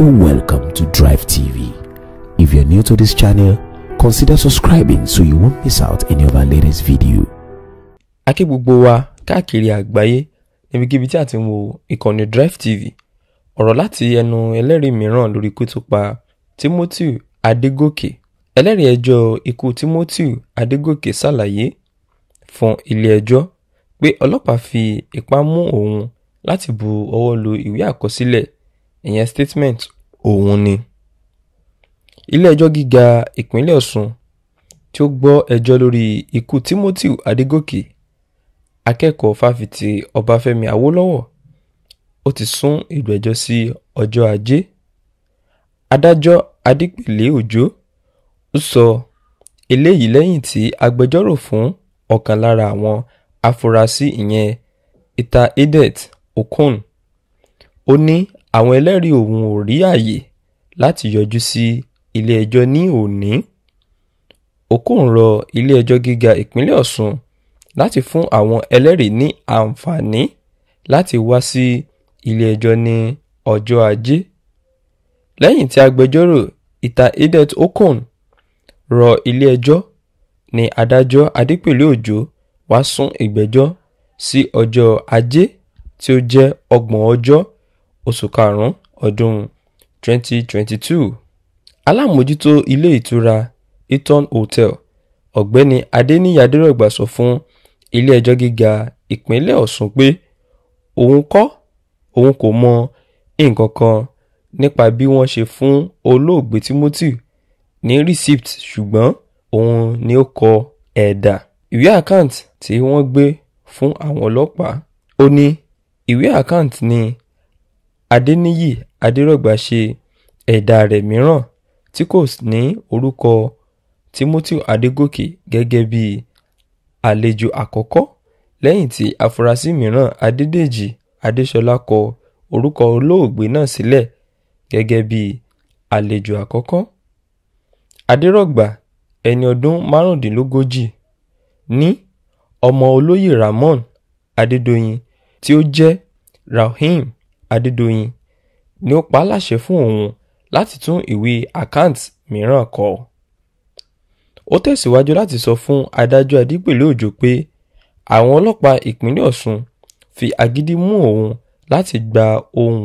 or welcome to Drive TV. If you're new to this channel, consider subscribing so you won't miss out any of our latest video. Akí gbogbo wa káàkiri àgbáyé níbikíbi tí a ti wo ìkànnì Drive TV ọ̀rọ̀ láti ẹnu ẹlẹ́rìí mìíràn lórí ikú tó pa Timothy Adégòkè ẹlẹ́rìí ẹjọ́ ikú Timothy Adégòkè ṣàlàyé fún ilé-ẹjọ́ pé ọlọ́pàá fi ipá mú òun láti bu ọwọ́ lu ìwé àkọsílẹ̀ ìyẹn statement òun ni ilé-ẹjọ́ gíga ìpínlẹ̀ ọ̀ṣun tí ó gbọ́ ẹjọ́ lórí ikú timothy adégòkè akẹ́kọ̀ọ́ fáfitì ọbáfẹ́mi awólọ́wọ̀ ó ti sún ìgbẹ́jọ́ sí ọjọ́ ajé adájọ́ adípèlé òjó ó sọ eléyìí lẹ́yìn tí agbẹjọ́rò fún ọ̀kan lára àwọn afurasí ìyẹn ita edet okun ó ní àwọn ẹlẹ́rìí òun ò rí àyè láti yọjú sí ilé-ẹjọ́ ní òní okùn rọ ilé-ẹjọ́ gíga ìpínlẹ̀ ọ̀ṣun láti fún àwọn ẹlẹ́rìí ní àǹfààní láti wá sí ilé-ẹjọ́ ní ọjọ́ ajé lẹ́yìn tí agbẹjọ́rò ìta idet okùn rọ ilé-ẹjọ́ ní adájọ́ adépèlé òjò wá sún ìgbẹ́jọ́ sí ọjọ́ ajé tí ó jẹ́ ọgbọ̀n ọjọ́ oṣù karùn-ún ọdún 2022 alámòjútó ilé ìtura hilton hotel ọ̀gbẹ́ni adéníyí adẹ́rọ̀gbà sọ fún ilé-ẹjọ́ gíga ìpínlẹ̀ ọ̀ṣun pé òun kọ́ òun kò mọ nǹkan kan nípa bí wọ́n ṣe fún olóògbé timothy ní receipt ṣùgbọ́n òun ni ó kọ ẹ̀dà ìwé àkáǹtì tí wọ́n gbé fún àwọn ọlọ́pàá ó ní ìwé àkáǹtì ni adẹniyí adẹrọgbà ṣe ẹ̀dà rẹ̀ mìíràn tí kò ní orúkọ timothy adọgọkè gẹ́gẹ́ bíi àlejò àkọ́kọ́ lẹ́yìn tí afurasí mìíràn adédèjì adéṣọlá kọ orúkọ olóògbé náà sílẹ̀ gẹ́gẹ́ bíi àlejò àkọ́kọ́ adẹrọgbà ẹni ọdún márùndínlógójì ní ọmọ olóyè ramon adédọyìn tí ó jẹ́ rahim adédọ̀yìn ni ó pa á láṣẹ fún òun láti tún ìwé àkáǹtì mìíràn kọ ó tẹ̀síwájú láti sọ fún adájọ́ adípèlé òjò pé àwọn ọlọ́pàá ìpínlẹ̀ ọ̀ṣun fi agídí mú òun láti gba ohun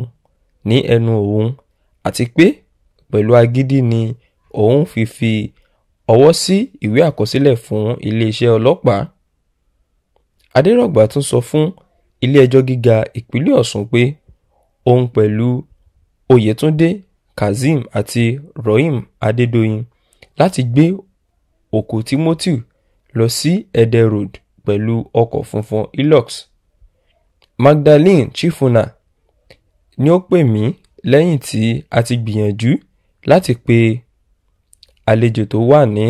ní ẹnu òun àti pé pẹ̀lú agídí ni òun fi fi ọwọ́ sí ìwé àkọsílẹ̀ fún iléeṣẹ́ ọlọ́pàá adẹ́rọ̀gbà tún sọ fún ilé-ẹjọ́ gíga ìpínlẹ̀ ọ̀ṣun pé òun pẹ̀lú Oyètúndé Kazeem àti Rohim Adédọ̀yìn láti gbé òkú Timothy lọ sí Ẹdẹ Road pẹ̀lú ọkọ̀ funfun Hilux. Magdalene chifuna, ni ó pè mí lẹ́yìn tí a ti gbìyànjú láti pe àlejò tó wà ní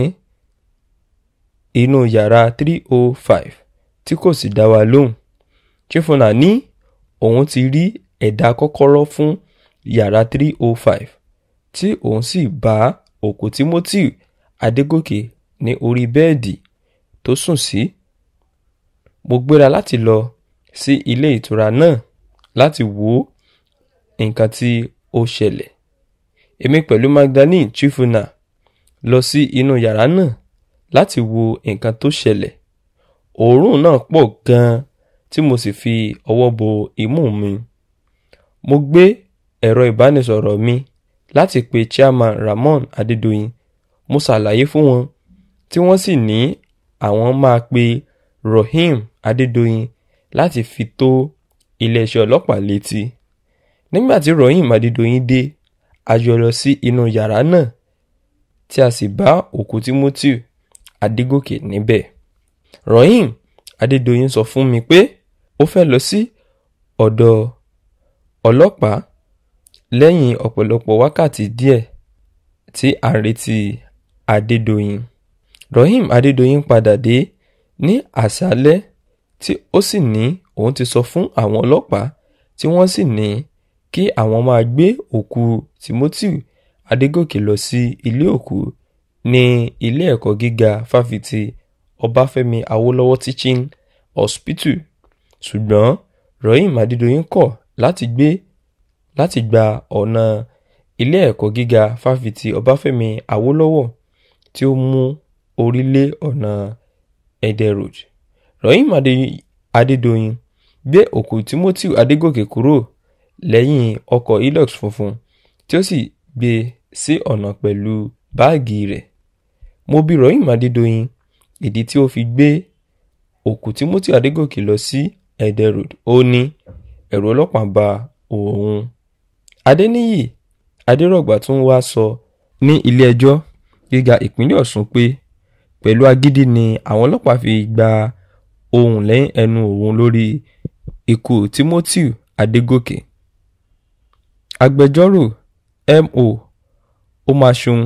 inú yàrá 305 tí kò sì dá wa lóhùn. Chifunah ní òun ti rí ẹ̀dà kọ́kọ́rọ́ fún yàrá 305 tí òun sì bá òkú Timothy Adégòkè ní orí bẹ́ẹ̀dì tó sùn sí. Mo gbéra láti lọ sí ilé ìtura náà láti wo nǹkan tí ó ṣẹlẹ̀. Èmi pẹ̀lú Magdalene Chifuna lọ sí inú yàrá náà láti wo nǹkan tó ṣẹlẹ̀. Òórùn náà pọ̀ gan-an tí mo sì fi ọwọ́ bo imú mi. Mo gbé ẹ̀rọ ìbánisọ̀rọ̀ mi láti pe Chairman Ramon Adédoyin, mo ṣàlàyé fún wọn, tí wọ́n sì ní àwọn máa pe Rohim Adédoyin láti fi tó iléeṣẹ́ ọlọ́pàá létí. Nígbà tí Rohim Adédoyin dé, a jọ lọ sí inú yàrá náà tí a sì bá òkú Timothy Adégòkè níbẹ̀. Rohim Adédoyin sọ fún mi pé ó fẹ́ lọ sí ọ̀dọ̀ ọlọ́pàá lẹ́yìn ọ̀pọ̀lọpọ̀ wákàtí díẹ̀ tí à ń retí adédọ̀yìn Raheem adédọ̀yìn padà dé ní àṣálẹ́ tí ó sì ní òun ti sọ fún àwọn ọlọ́pàá tí wọ́n sì ní kí àwọn máa gbé òkú Timothy Adégòkè lọ sí ilé òkú ní ilé ẹ̀kọ́ gíga fáfitì Ọbáfẹ́mi Awólọ́wọ̀ Teaching Hospital ṣùgbọ́n Raheem adédọ̀yìn kọ̀ láti gbé láti gba ọ̀nà ilé ẹ̀kọ́ gíga fáfitì ọbáfẹ́mi awolowo tí ó mú orí lé ọ̀nà ẹdẹ road rahim adédọ̀yìn gbé òkú timothy adégòkè kúrò lẹ́yìn ọkọ̀ hilux funfun tí ó sì gbé sí ọ̀nà pẹ̀lú báàgì rẹ̀ mo bi rahim adédọ̀yìn ìdí tí ó fi gbé òkú timothy adégòkè lọ sí ẹdẹ road ó ní ẹ̀rù ọlọ́pàá ba òun. adẹ́niyì adẹ́rọ̀gbà tún wá sọ ní ilé-ẹjọ́ gíga ìpínlẹ̀ ọ̀ṣun pé pẹ̀lú agídí ni àwọn ọlọ́pàá fi gba ohùn lẹ́yìn ẹnu òun lórí ikú timothy adégòkè agbẹjọ́rò mo omasun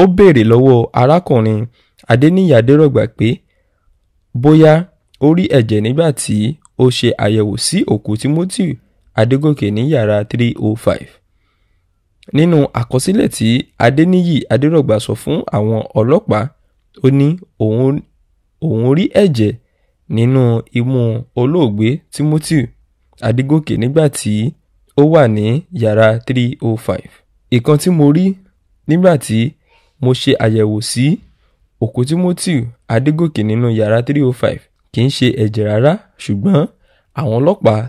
ó béèrè lọ́wọ́ arákùnrin adẹ́niyì adẹ́rọ̀gbà pé bóyá ó rí ẹ̀jẹ̀ nígbà tí ó ṣe àyẹ̀wò sí òkú Timothy Adégòkè ní yàrá 305. nínú àkọsílẹ̀ tí Adéníyì Adérọ̀gbà sọ fún àwọn ọlọ́pàá ó ní òun rí ẹ̀jẹ̀ nínú imú olóògbé Timothy Adégòkè nígbà tí ó wà ní yàrá 305. ìkan tí mo rí nígbà tí mo ṣe àyẹ̀wò sí òkú Timothy Adégòkè nínú yàrá 305 kì í ṣe ẹ̀jẹ̀ rárá ṣùgbọ́n àwọn ọlọ́pàá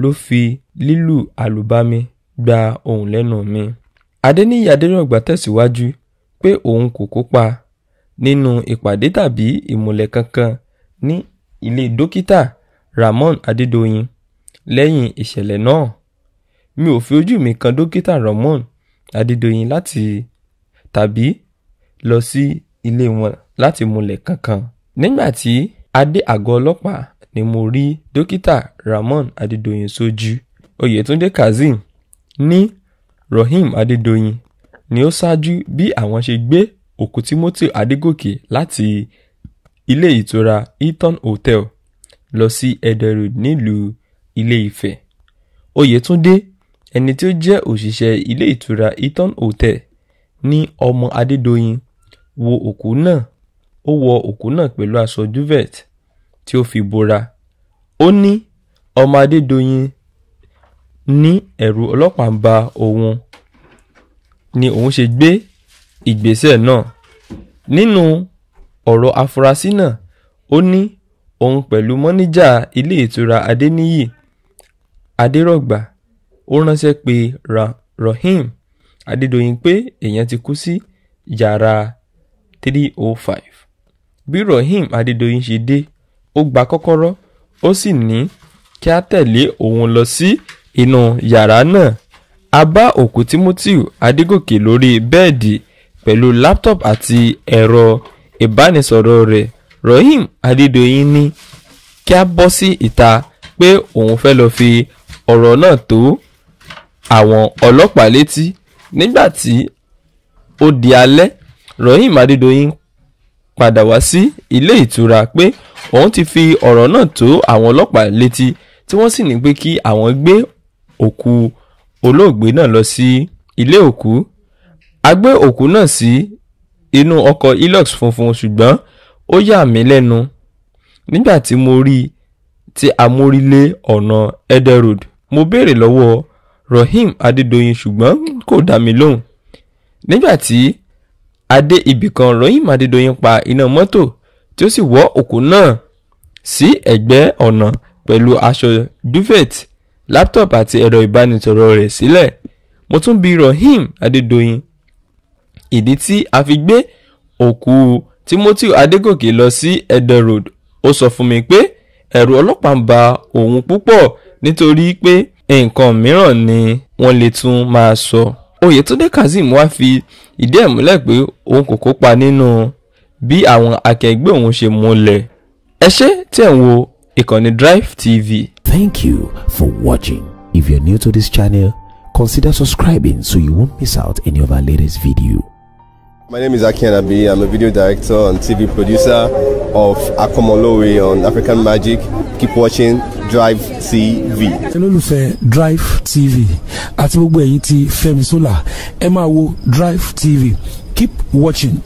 ló fi lílù àlùbami gba ohùn lẹ́nu mi. adẹniyí adẹrọgbà tẹ̀síwájú pé òun kò kópa nínú ìpàdé tàbí ìmùlẹ̀ kankan ní ilé dókítà Ramon Adédoyin lẹ́yìn ìṣẹ̀lẹ̀ náà mi ò fi ojú mi kan dókítà Ramon Adédoyin láti tàbí lọ sí ilé wọn láti múlẹ̀ kankan. nígbà tí a dé àgọ́ ọlọ́pàá ni mo rí dókítà ramon adédọ̀yìn sójú oyetunde kazeem ní rohim adédọ̀yìn ni ó ṣáájú bí àwọn ṣe gbé òkú timothy adégòkè láti ilé ìtura hilton hotel lọ sí ẹdẹ road nílùú ilé ifẹ̀ oyètúndé ẹni tí ó jẹ́ òṣìṣẹ́ ilé ìtura hilton hotel ní ọmọ adédọ̀yìn wo òkú náà ó wọ òkú náà pẹ̀lú aṣọ duvet tí ó fi bora ó ní ọmọ adédọ̀yìn ní ẹ̀rù ọlọ́pàá ń ba òun ni òun ṣe gbé ìgbésẹ̀ náà nínú ọ̀rọ̀ afurasí náà ó ní òun pẹ̀lú mọ́níjà ilé ìtura adéníyì adérọ̀gbà ó ránṣẹ́ pé rahim adédọ̀yìn pé èèyàn ti kú sí yàrá 305 bí Rohim Adédoyin ṣe dé ó gba kọ́kọ́rọ́ ó sì ní kí a tẹ̀lé òun lọ sí inú yàrá náà a bá òkú Timothy Adégòkè lórí bẹ́ẹ̀dì pẹ̀lú laptop àti ẹ̀rọ ìbánisọ̀rọ̀ rẹ̀ Rohim Adédoyin ní kí a bọ́ sí ìta pé òun fẹ́ lọ fi ọ̀rọ̀ náà tó àwọn ọlọ́pàá létí nígbà tí ó di alẹ́ Rohim Adédoyin padà wá sí ilé ìtura pé òun ti fi ọ̀rọ̀ náà tó àwọn ọlọ́pàá létí tí wọ́n sì ní pé kí àwọn gbé òkú olóògbé náà lọ sí ilé òkú a gbé òkú náà sí inú ọkọ̀ Hilux funfun ṣùgbọ́n ó yà mí lẹ́nu nígbà tí mo rí tí a ọ̀nà Ede Road mo béèrè lọ́wọ́ Rohim Adédoyin ṣùgbọ́n kò dá mi lóhùn nígbà tí adé ibìkan ròyìn màdìdòyìn pa iná mọ́tò tí ó sì wọ́ òkú náà sí ẹ̀gbẹ́ ọ̀nà pẹ̀lú aṣọ duvet laptop àti ẹ̀rọ ìbánisọ̀rọ̀ rẹ̀ sílẹ̀ mo tún bi rohim adédọ̀yìn ìdí tí a fi gbé òkú timothy adégòkè lọ sí edo road ó sọ fún mi pé ẹ̀rù ọlọ́pàá ń ba òun púpọ̀ nítorí pé nǹkan mìíràn ni wọ́n lè tún máa sọ. So. Oyetunde Kazeem wá fi ìdí ẹ̀ múlẹ̀ pé òun kò kópa nínú bí àwọn akẹgbẹ́ òun ṣe múlẹ̀. Ẹ ṣé tí ẹ̀ ń wo ìkànnì Drive TV. Thank you for watching. If you're new to this channel, consider subscribing so you won't miss out any of our latest video. My name is Aki Anabi. I'm a video director and TV producer of Akomolowe on African Magic. Keep watching drive tv. olólùfẹ́ drive tv àti gbogbo ẹ̀yin ti Fẹ́mi Sola ẹ máa wo drive tv keep watching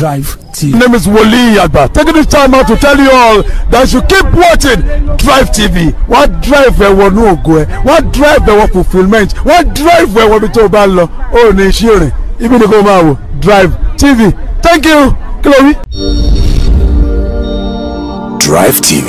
Drive TV. My name is Wole Agba. Taking this time out to tell you all that you keep watching Drive TV. Wọ́n drive ẹ̀wọ̀ ní ògo ẹ̀, wọ́n drive ẹ̀wọ̀ fulfilment, wọ́n drive ẹ̀wọ̀ bí tó o bá lọ, ó ní iṣẹ́ rìn, ibi ni kò máa wò Drive TV. Thank you, Chloe. Drive TV.